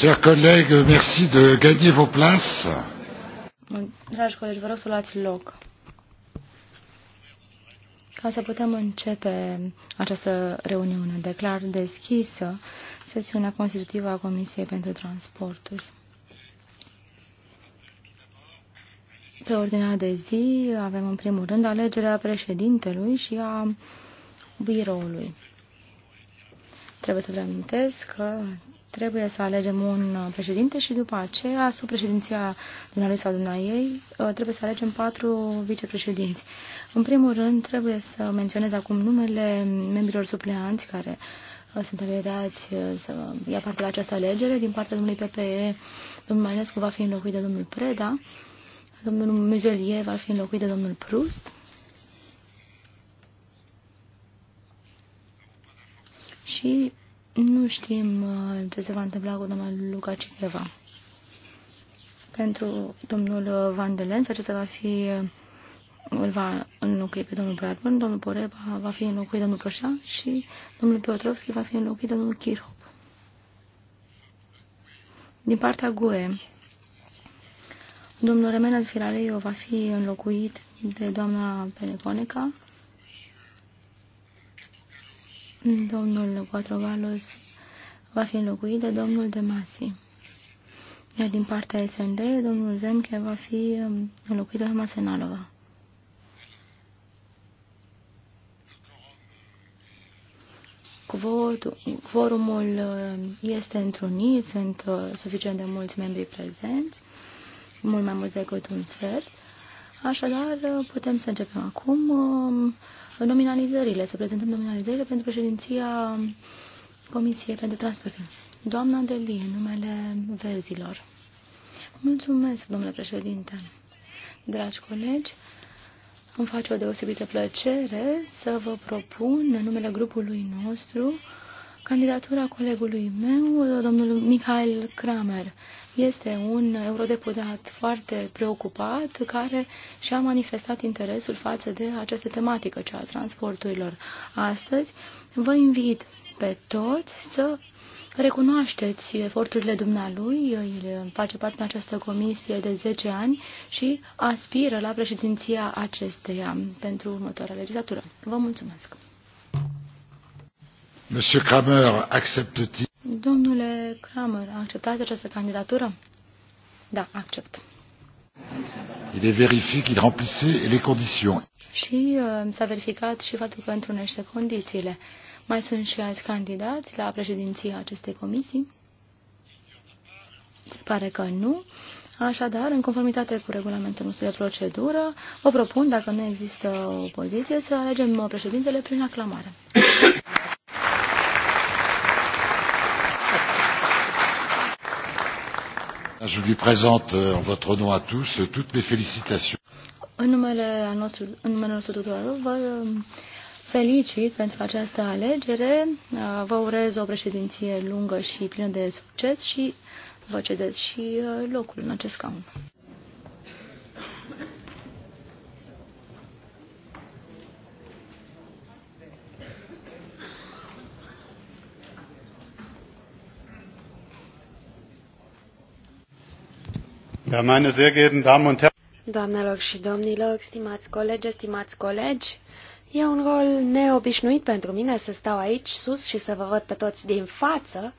Chers collègues, merci de gagner vos places. Dragi colegi, vă rog să luați loc. Ca să putem începe această reuniune, declar deschisă sesiunea constitutivă a Comisiei pentru Transporturi. Pe ordinea de zi avem în primul rând alegerea președintelui și a biroului. Trebuie să vă amintesc că trebuie să alegem un președinte și după aceea, sub președinția dumneavoastră sau dumneai, uh, trebuie să alegem patru vicepreședinți. În primul rând, trebuie să menționez acum numele membrilor supleanți care uh, sunt abilitați uh, să ia parte la această alegere. Din partea domnului PPE, domnul Marinescu va fi înlocuit de domnul Preda, domnul Muzelie va fi înlocuit de domnul Prust, și nu știm uh, ce se va întâmpla cu domnul Luca Ciseva. Pentru domnul uh, Van de Lens, acesta va fi, uh, îl va înlocui pe domnul Bradburn, domnul Poreba va fi înlocuit domnul Proșa și domnul Piotrovski va fi înlocuit domnul Kirhop. Din partea GUE, domnul Remenas Firaleu va fi înlocuit de doamna Peneconeca, Domnul Quattrovalos va fi înlocuit de domnul Masi. Iar din partea SND, domnul Zemke va fi um, înlocuit de urma Senalova. Quorumul um, este întrunit, sunt uh, suficient de mulți membri prezenți, mult mai mulți decât un sfert. Așadar, uh, putem să începem acum. Um, nominalizările, să prezentăm nominalizările pentru președinția Comisiei pentru Transport. Doamna Delie, numele verzilor. Mulțumesc, domnule președinte. Dragi colegi, îmi face o deosebită plăcere să vă propun în numele grupului nostru Candidatura colegului meu, domnul Michael Kramer, este un eurodeputat foarte preocupat care și-a manifestat interesul față de această tematică, cea a transporturilor. Astăzi vă invit pe toți să recunoașteți eforturile dumnealui, el face parte din această comisie de 10 ani și aspiră la președinția acesteia pentru următoarea legislatură. Vă mulțumesc! Monsieur Kramer, accepte-t-il? Domnule Kramer, acceptați această candidatură? Da, accept. Il est vérifié qu'il remplissait les conditions. Și euh, s-a verificat și faptul că întrunește condițiile. Mai sunt și alți candidați la președinția acestei comisii? Se pare că nu. Așadar, în conformitate cu regulamentul nostru de procedură, vă propun, dacă nu există opoziție, să alegem președintele prin aclamare. Je lui présente euh, en votre nom à tous euh, toutes mes félicitations. În numele, nostru, în numele nostru tuturor vă um, felicit pentru această alegere, uh, vă urez o președinție lungă și plină de succes și vă cedeți și uh, locul în acest scaun. Doamnelor și domnilor, stimați colegi, stimați colegi, e un rol neobișnuit pentru mine să stau aici sus și să vă văd pe toți din față.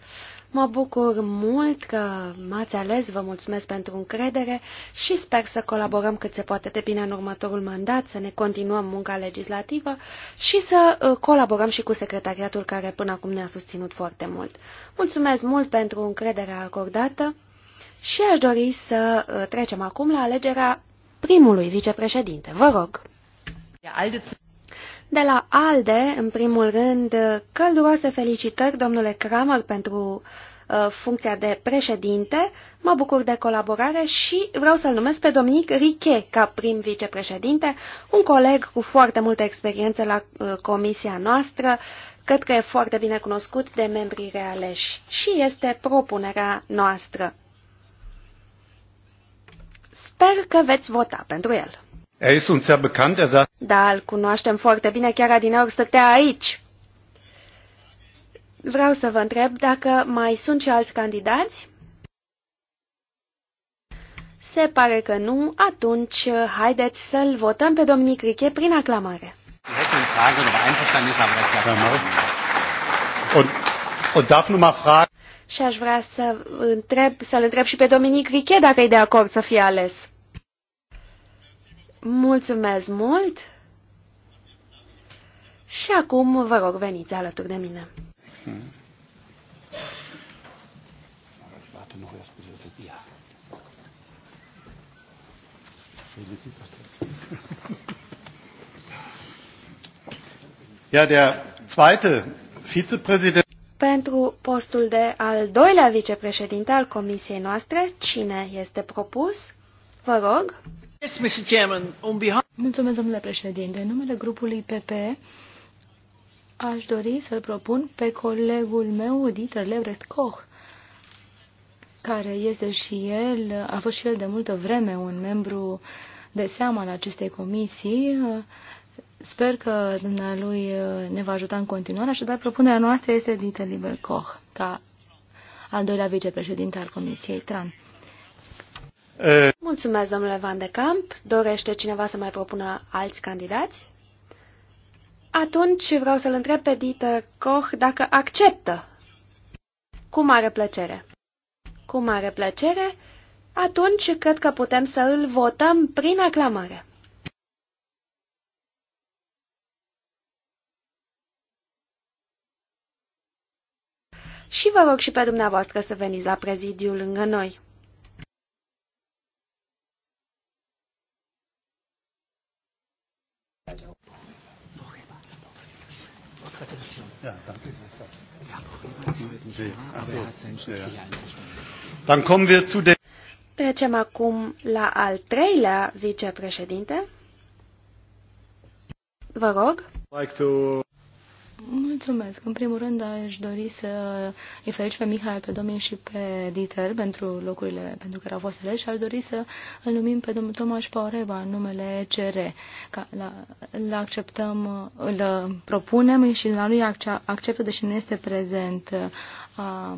Mă bucur mult că m-ați ales, vă mulțumesc pentru încredere și sper să colaborăm cât se poate de bine în următorul mandat, să ne continuăm munca legislativă și să ă, colaborăm și cu secretariatul care până acum ne-a susținut foarte mult. Mulțumesc mult pentru încrederea acordată. Și aș dori să uh, trecem acum la alegerea primului vicepreședinte. Vă rog! De la ALDE, în primul rând, călduroase felicitări, domnule Kramer, pentru uh, funcția de președinte. Mă bucur de colaborare și vreau să-l numesc pe Dominic Riche ca prim vicepreședinte, un coleg cu foarte multă experiență la uh, comisia noastră, cred că e foarte bine cunoscut de membrii realeși și este propunerea noastră. Sper că veți vota pentru el. Da, îl cunoaștem foarte bine, chiar adineori stătea aici. Vreau să vă întreb dacă mai sunt și alți candidați? Se pare că nu, atunci haideți să-l votăm pe Dominic Riche prin aclamare. Und, und darf nur mal fragen, și aș vrea să întreb, să-l întreb și pe Dominic Riche dacă e de acord să fie ales. Mulțumesc mult! Și acum vă rog veniți alături de mine. Ja, der zweite Vizepräsident pentru postul de al doilea vicepreședinte al comisiei noastre, cine este propus? Vă rog. Yes, Mr. Chairman, on behalf... Mulțumesc, domnule președinte. În numele grupului PP aș dori să-l propun pe colegul meu, Dieter Levret Koch, care este și el, a fost și el de multă vreme un membru de seamă al acestei comisii, Sper că dumnealui uh, ne va ajuta în continuare, așadar propunerea noastră este Dieter Liber Koch, ca al doilea vicepreședinte al Comisiei TRAN. Mulțumesc, domnule Van de Camp. Dorește cineva să mai propună alți candidați? Atunci vreau să-l întreb pe Dieter Koch dacă acceptă. Cu mare plăcere. Cu mare plăcere. Atunci cred că putem să îl votăm prin aclamare. și vă rog și pe dumneavoastră să veniți la prezidiu lângă noi. Trecem acum la al treilea vicepreședinte. Vă rog. Like to... Mulțumesc. În primul rând aș dori să îi felici pe Mihai, pe Domin și pe Dieter pentru locurile pentru care au fost eleși și aș dori să îl numim pe domnul Tomaș Paureva în numele CR. Ca la, la acceptăm, îl propunem și la lui acceptă, deși nu este prezent. A,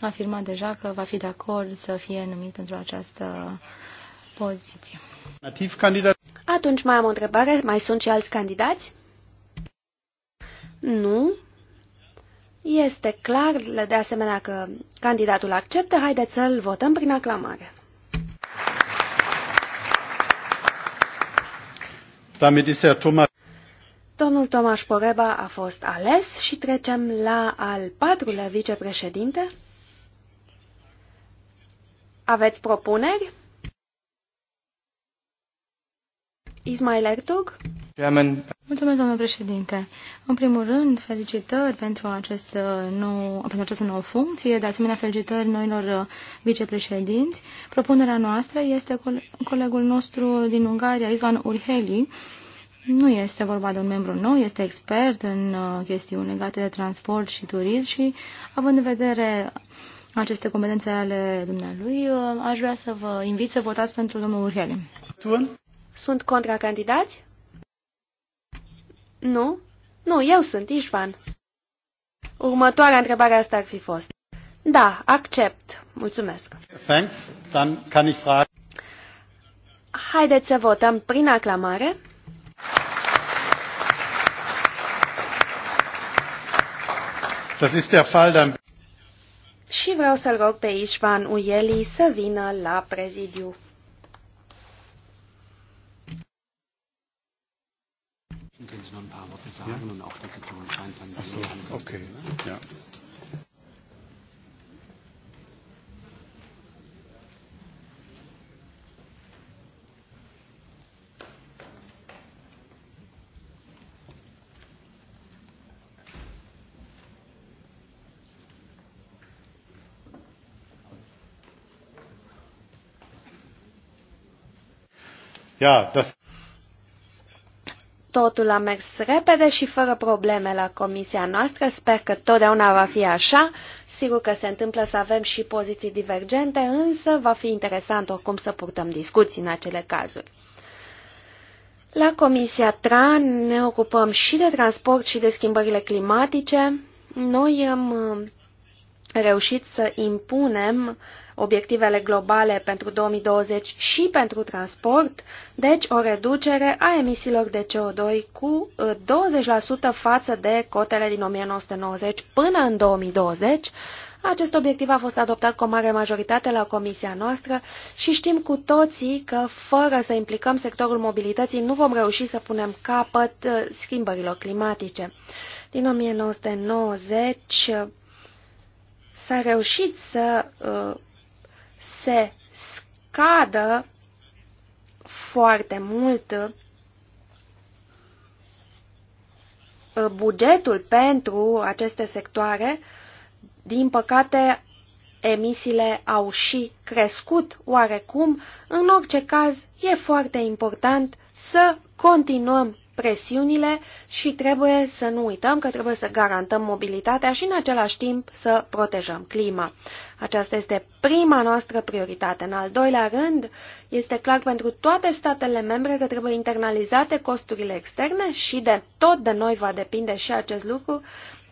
afirmat deja că va fi de acord să fie numit pentru această poziție. Atunci mai am o întrebare. Mai sunt și alți candidați? Nu. Este clar, de asemenea, că candidatul acceptă. Haideți să-l votăm prin aclamare. Domnul Tomaș Poreba a fost ales și trecem la al patrulea vicepreședinte. Aveți propuneri? Ismail Ertug? Mulțumesc, domnule președinte. În primul rând, felicitări pentru, acest uh, nou, pentru această nouă funcție, de asemenea felicitări noilor uh, vicepreședinți. Propunerea noastră este colegul nostru din Ungaria, Ivan Urheli. Nu este vorba de un membru nou, este expert în uh, chestiuni legate de transport și turism și, având în vedere aceste competențe ale dumnealui, aș vrea să vă invit să votați pentru domnul Urheli. Sunt contracandidați? Nu? Nu, eu sunt, Ișvan. Următoarea întrebare asta ar fi fost. Da, accept. Mulțumesc. Thanks. Dann kann ich fragen. Haideți să votăm prin aclamare. Das ist der Fall, dann... Și vreau să-l rog pe Ișvan Uieli să vină la prezidiu. Können Sie noch ein paar Worte sagen ja? und auch die Sitzung um 22 Uhr so, ankommt, Okay, ne? ja. Ja, das Totul a mers repede și fără probleme la comisia noastră. Sper că totdeauna va fi așa. Sigur că se întâmplă să avem și poziții divergente, însă va fi interesant oricum să purtăm discuții în acele cazuri. La Comisia TRAN ne ocupăm și de transport și de schimbările climatice. Noi am reușit să impunem obiectivele globale pentru 2020 și pentru transport, deci o reducere a emisiilor de CO2 cu 20% uh, față de cotele din 1990 până în 2020. Acest obiectiv a fost adoptat cu o mare majoritate la comisia noastră și știm cu toții că fără să implicăm sectorul mobilității nu vom reuși să punem capăt uh, schimbărilor climatice. Din 1990 s-a reușit să uh, se scadă foarte mult uh, bugetul pentru aceste sectoare, din păcate, emisiile au și crescut oarecum. În orice caz, e foarte important să continuăm presiunile și trebuie să nu uităm că trebuie să garantăm mobilitatea și în același timp să protejăm clima. Aceasta este prima noastră prioritate. În al doilea rând, este clar pentru toate statele membre că trebuie internalizate costurile externe și de tot de noi va depinde și acest lucru.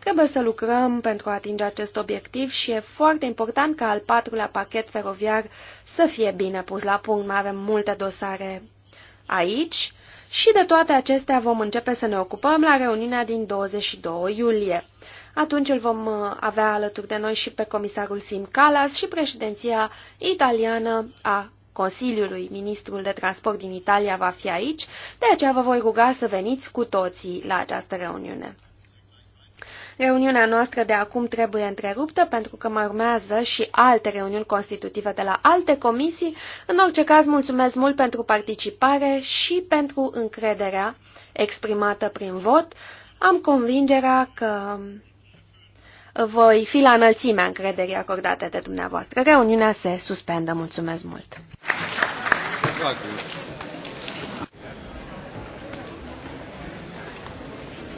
Trebuie să lucrăm pentru a atinge acest obiectiv și e foarte important ca al patrulea pachet feroviar să fie bine pus la punct. Mai avem multe dosare aici și de toate acestea vom începe să ne ocupăm la reuniunea din 22 iulie. Atunci îl vom uh, avea alături de noi și pe comisarul Sim Calas și președinția italiană a Consiliului. Ministrul de Transport din Italia va fi aici, de aceea vă voi ruga să veniți cu toții la această reuniune. Reuniunea noastră de acum trebuie întreruptă pentru că mai urmează și alte reuniuni constitutive de la alte comisii. În orice caz, mulțumesc mult pentru participare și pentru încrederea exprimată prin vot. Am convingerea că voi fi la înălțimea încrederii acordate de dumneavoastră. Reuniunea se suspendă. Mulțumesc mult!